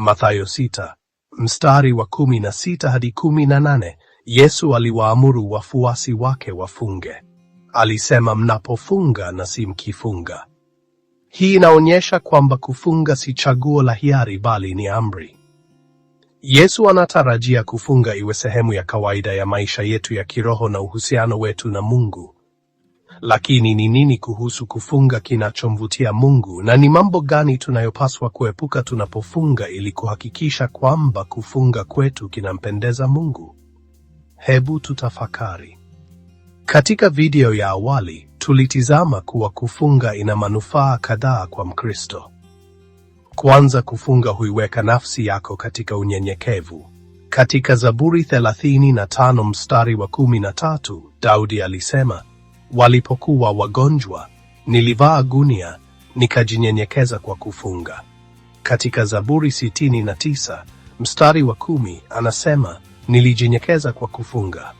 Mathayo sita mstari wa kumi na sita hadi kumi na nane Yesu aliwaamuru wafuasi wake wafunge. Alisema, mnapofunga na si mkifunga. Hii inaonyesha kwamba kufunga si chaguo la hiari, bali ni amri. Yesu anatarajia kufunga iwe sehemu ya kawaida ya maisha yetu ya kiroho na uhusiano wetu na Mungu. Lakini ni nini kuhusu kufunga kinachomvutia Mungu, na ni mambo gani tunayopaswa kuepuka tunapofunga ili kuhakikisha kwamba kufunga kwetu kinampendeza Mungu? Hebu tutafakari. Katika video ya awali tulitizama kuwa kufunga ina manufaa kadhaa kwa Mkristo. Kwanza, kufunga huiweka nafsi yako katika unyenyekevu. Katika Zaburi 35 mstari wa 13, Daudi alisema, Walipokuwa wagonjwa, nilivaa gunia nikajinyenyekeza kwa kufunga. Katika Zaburi 69 mstari wa kumi anasema nilijinyenyekeza kwa kufunga.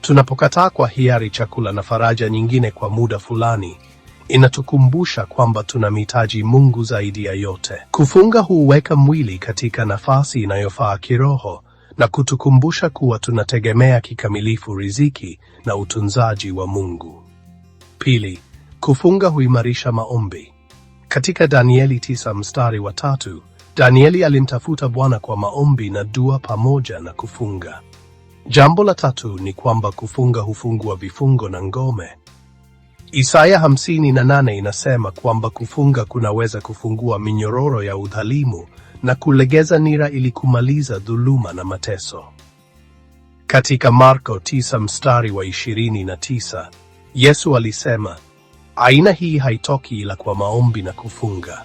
Tunapokataa kwa hiari chakula na faraja nyingine kwa muda fulani, inatukumbusha kwamba tunamhitaji Mungu zaidi ya yote. Kufunga huuweka mwili katika nafasi inayofaa kiroho na kutukumbusha kuwa tunategemea kikamilifu riziki na utunzaji wa Mungu. Pili, kufunga huimarisha maombi. Katika Danieli tisa mstari wa tatu, Danieli alimtafuta Bwana kwa maombi na dua pamoja na kufunga. Jambo la tatu ni kwamba kufunga hufungua vifungo na ngome. Isaya 58 na inasema kwamba kufunga kunaweza kufungua minyororo ya udhalimu na kulegeza nira ili kumaliza dhuluma na mateso. Katika Marko 9 mstari wa 29 Yesu alisema aina hii haitoki ila kwa maombi na kufunga.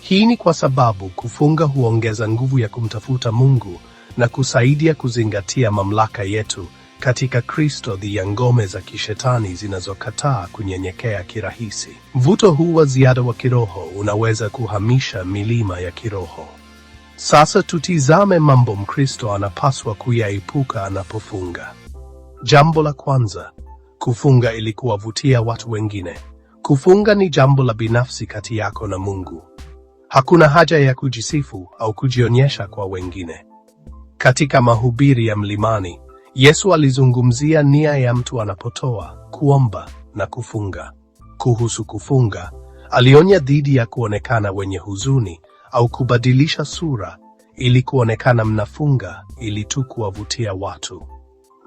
Hii ni kwa sababu kufunga huongeza nguvu ya kumtafuta Mungu na kusaidia kuzingatia mamlaka yetu katika Kristo dhidi ya ngome za kishetani zinazokataa kunyenyekea kirahisi. Mvuto huu wa ziada wa kiroho unaweza kuhamisha milima ya kiroho. Sasa tutizame mambo Mkristo anapaswa kuyaepuka anapofunga. Jambo la kwanza, Kufunga ili kuwavutia watu wengine. Kufunga ni jambo la binafsi kati yako na Mungu. Hakuna haja ya kujisifu au kujionyesha kwa wengine. Katika mahubiri ya mlimani, Yesu alizungumzia nia ya mtu anapotoa, kuomba na kufunga. Kuhusu kufunga, alionya dhidi ya kuonekana wenye huzuni au kubadilisha sura ili kuonekana mnafunga ili tu kuwavutia watu.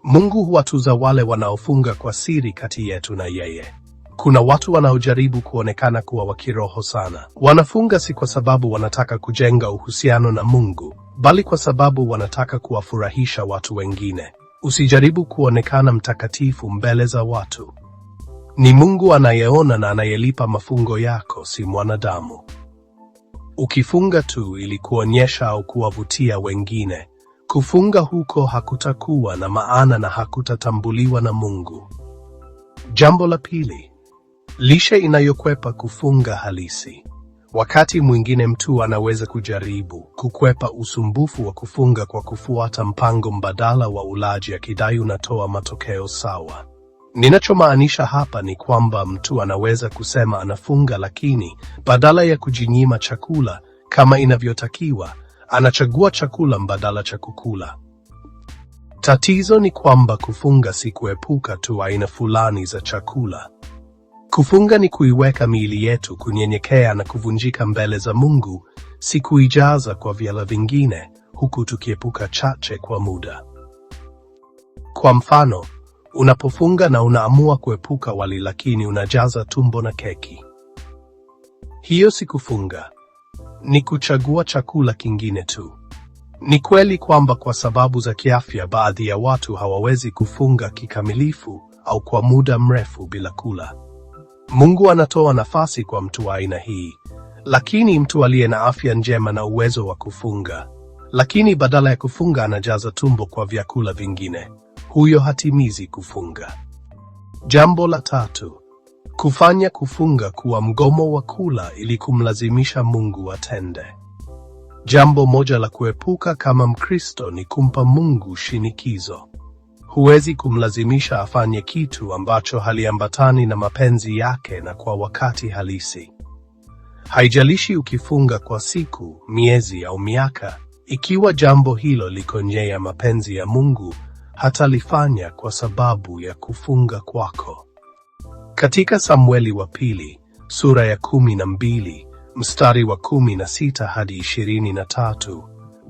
Mungu huwatuza wale wanaofunga kwa siri kati yetu na yeye. Kuna watu wanaojaribu kuonekana kuwa wa kiroho sana. Wanafunga si kwa sababu wanataka kujenga uhusiano na Mungu, bali kwa sababu wanataka kuwafurahisha watu wengine. Usijaribu kuonekana mtakatifu mbele za watu. Ni Mungu anayeona na anayelipa mafungo yako, si mwanadamu. Ukifunga tu ili kuonyesha au kuwavutia wengine, Kufunga huko hakutakuwa na maana na hakutatambuliwa na Mungu. Jambo la pili, lishe inayokwepa kufunga halisi. Wakati mwingine mtu anaweza kujaribu kukwepa usumbufu wa kufunga kwa kufuata mpango mbadala wa ulaji akidai unatoa matokeo sawa. Ninachomaanisha hapa ni kwamba mtu anaweza kusema anafunga, lakini badala ya kujinyima chakula kama inavyotakiwa anachagua chakula mbadala cha kukula. Tatizo ni kwamba kufunga si kuepuka tu aina fulani za chakula. Kufunga ni kuiweka miili yetu kunyenyekea na kuvunjika mbele za Mungu, si kuijaza kwa vyala vingine, huku tukiepuka chache kwa muda. Kwa mfano, unapofunga na unaamua kuepuka wali lakini unajaza tumbo na keki, hiyo si kufunga, ni kuchagua chakula kingine tu. Ni kweli kwamba kwa sababu za kiafya baadhi ya watu hawawezi kufunga kikamilifu au kwa muda mrefu bila kula. Mungu anatoa nafasi kwa mtu wa aina hii, lakini mtu aliye na afya njema na uwezo wa kufunga, lakini badala ya kufunga anajaza tumbo kwa vyakula vingine, huyo hatimizi kufunga. Jambo la tatu, kufanya kufunga kuwa mgomo wa kula ili kumlazimisha Mungu atende. Jambo moja la kuepuka kama Mkristo ni kumpa Mungu shinikizo. Huwezi kumlazimisha afanye kitu ambacho haliambatani na mapenzi yake na kwa wakati halisi. Haijalishi ukifunga kwa siku, miezi au miaka, ikiwa jambo hilo liko nje ya mapenzi ya Mungu, hatalifanya kwa sababu ya kufunga kwako. Katika Samueli wa pili sura ya kumi na mbili mstari wa kumi na sita hadi ishirini na tatu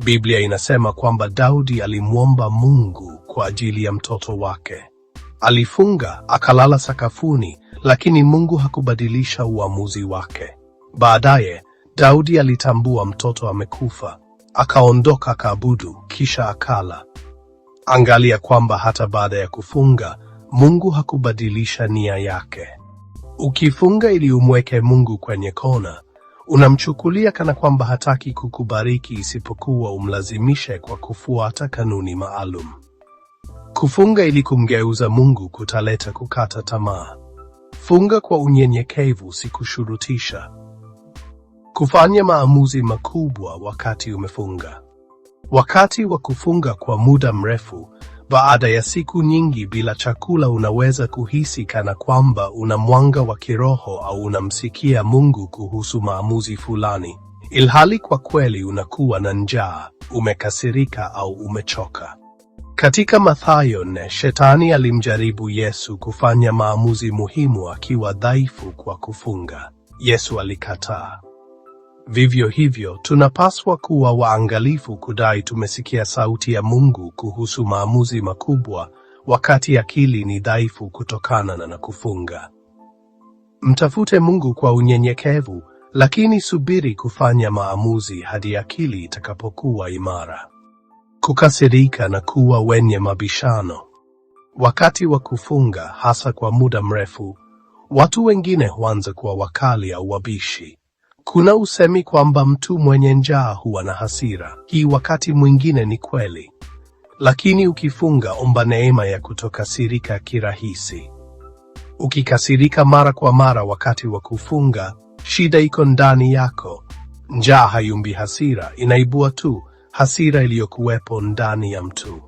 Biblia inasema kwamba Daudi alimwomba Mungu kwa ajili ya mtoto wake. Alifunga akalala sakafuni, lakini Mungu hakubadilisha uamuzi wake. Baadaye Daudi alitambua mtoto amekufa, akaondoka akaabudu, kisha akala. Angalia kwamba hata baada ya kufunga Mungu hakubadilisha nia yake. Ukifunga ili umweke Mungu kwenye kona, unamchukulia kana kwamba hataki kukubariki isipokuwa umlazimishe kwa kufuata kanuni maalum. Kufunga ili kumgeuza Mungu kutaleta kukata tamaa. Funga kwa unyenyekevu, si kushurutisha. Kufanya maamuzi makubwa wakati umefunga. Wakati wa kufunga kwa muda mrefu baada ya siku nyingi bila chakula, unaweza kuhisi kana kwamba una mwanga wa kiroho au unamsikia Mungu kuhusu maamuzi fulani, ilhali kwa kweli unakuwa na njaa, umekasirika au umechoka. Katika Mathayo nne, Shetani alimjaribu Yesu kufanya maamuzi muhimu akiwa dhaifu kwa kufunga. Yesu alikataa. Vivyo hivyo, tunapaswa kuwa waangalifu kudai tumesikia sauti ya Mungu kuhusu maamuzi makubwa wakati akili ni dhaifu kutokana na kufunga. Mtafute Mungu kwa unyenyekevu, lakini subiri kufanya maamuzi hadi akili itakapokuwa imara. Kukasirika na kuwa wenye mabishano wakati wa kufunga, hasa kwa muda mrefu, watu wengine huanza kuwa wakali au wabishi. Kuna usemi kwamba mtu mwenye njaa huwa na hasira. Hii wakati mwingine ni kweli, lakini ukifunga, omba neema ya kutokasirika kirahisi. Ukikasirika mara kwa mara wakati wa kufunga, shida iko ndani yako. Njaa haiumbi hasira, inaibua tu hasira iliyokuwepo ndani ya mtu.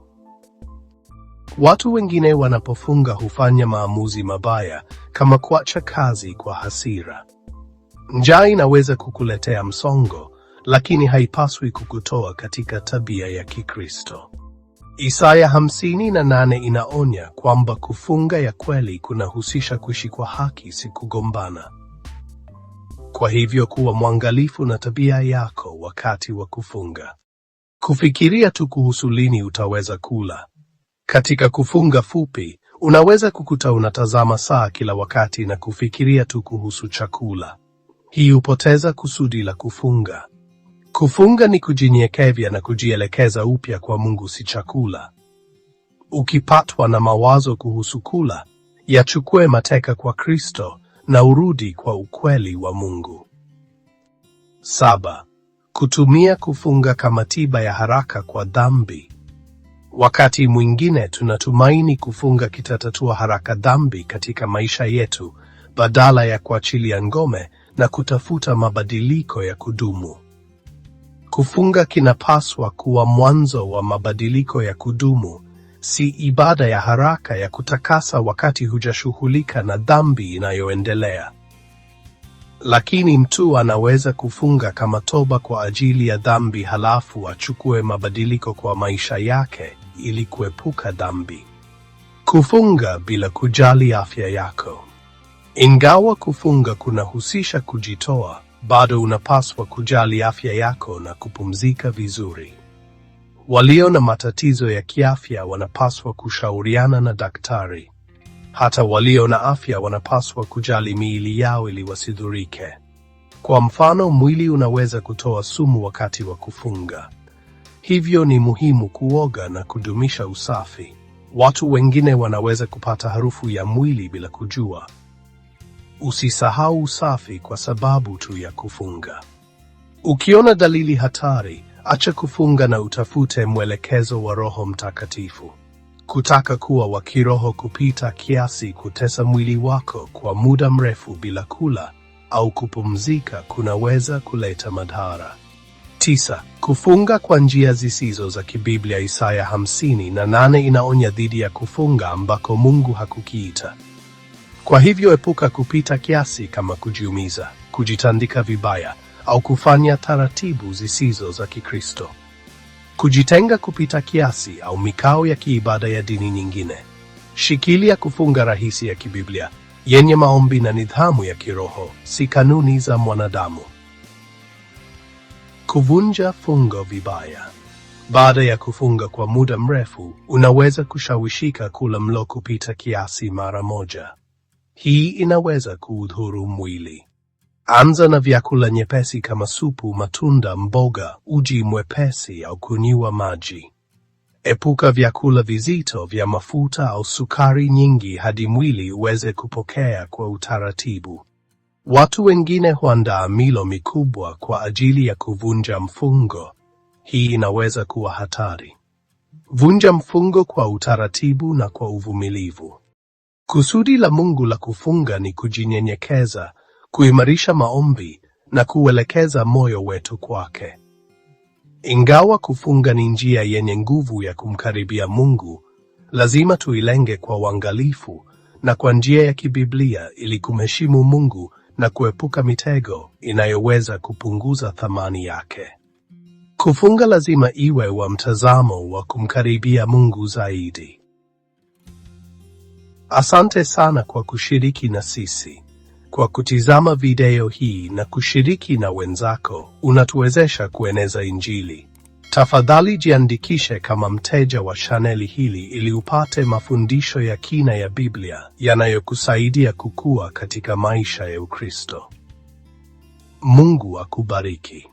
Watu wengine wanapofunga hufanya maamuzi mabaya kama kuacha kazi kwa hasira. Njaa inaweza kukuletea msongo, lakini haipaswi kukutoa katika tabia ya Kikristo. Isaya 58 na inaonya kwamba kufunga ya kweli kunahusisha kuishi kwa haki, si kugombana. Kwa hivyo kuwa mwangalifu na tabia yako wakati wa kufunga. Kufikiria tu kuhusu lini utaweza kula katika kufunga fupi unaweza kukuta unatazama saa kila wakati na kufikiria tu kuhusu chakula hii hupoteza kusudi la kufunga. Kufunga ni kujinyekevya na kujielekeza upya kwa Mungu, si chakula. Ukipatwa na mawazo kuhusu kula, yachukue mateka kwa Kristo na urudi kwa ukweli wa Mungu. Saba, kutumia kufunga kama tiba ya haraka kwa dhambi. Wakati mwingine tunatumaini kufunga kitatatua haraka dhambi katika maisha yetu badala ya kuachilia ngome na kutafuta mabadiliko ya kudumu. Kufunga kinapaswa kuwa mwanzo wa mabadiliko ya kudumu, si ibada ya haraka ya kutakasa wakati hujashughulika na dhambi inayoendelea. Lakini mtu anaweza kufunga kama toba kwa ajili ya dhambi, halafu achukue mabadiliko kwa maisha yake ili kuepuka dhambi. Kufunga bila kujali afya yako ingawa kufunga kunahusisha kujitoa, bado unapaswa kujali afya yako na kupumzika vizuri. Walio na matatizo ya kiafya wanapaswa kushauriana na daktari. Hata walio na afya wanapaswa kujali miili yao ili wasidhurike. Kwa mfano, mwili unaweza kutoa sumu wakati wa kufunga. Hivyo ni muhimu kuoga na kudumisha usafi. Watu wengine wanaweza kupata harufu ya mwili bila kujua. Usisahau usafi kwa sababu tu ya kufunga. Ukiona dalili hatari, acha kufunga na utafute mwelekezo wa Roho Mtakatifu. Kutaka kuwa wa kiroho kupita kiasi, kutesa mwili wako kwa muda mrefu bila kula au kupumzika, kunaweza kuleta madhara. Tisa, kufunga kwa njia zisizo za kibiblia. Isaya hamsini na nane inaonya dhidi ya kufunga ambako Mungu hakukiita. Kwa hivyo epuka kupita kiasi kama kujiumiza, kujitandika vibaya au kufanya taratibu zisizo za Kikristo. Kujitenga kupita kiasi au mikao ya kiibada ya dini nyingine. Shikilia kufunga rahisi ya kibiblia yenye maombi na nidhamu ya kiroho, si kanuni za mwanadamu. Kuvunja fungo vibaya. Baada ya kufunga kwa muda mrefu, unaweza kushawishika kula mlo kupita kiasi mara moja. Hii inaweza kuudhuru mwili. Anza na vyakula nyepesi kama supu, matunda, mboga, uji mwepesi au kunywa maji. Epuka vyakula vizito vya mafuta au sukari nyingi hadi mwili uweze kupokea kwa utaratibu. Watu wengine huandaa milo mikubwa kwa ajili ya kuvunja mfungo. Hii inaweza kuwa hatari. Vunja mfungo kwa utaratibu na kwa uvumilivu. Kusudi la Mungu la kufunga ni kujinyenyekeza, kuimarisha maombi na kuelekeza moyo wetu kwake. Ingawa kufunga ni njia yenye nguvu ya kumkaribia Mungu, lazima tuilenge kwa uangalifu na kwa njia ya kibiblia ili kumheshimu Mungu na kuepuka mitego inayoweza kupunguza thamani yake. Kufunga lazima iwe wa mtazamo wa kumkaribia Mungu zaidi. Asante sana kwa kushiriki na sisi. Kwa kutizama video hii na kushiriki na wenzako, unatuwezesha kueneza Injili. Tafadhali jiandikishe kama mteja wa chaneli hili ili upate mafundisho ya kina ya Biblia yanayokusaidia kukua katika maisha ya Ukristo. Mungu akubariki.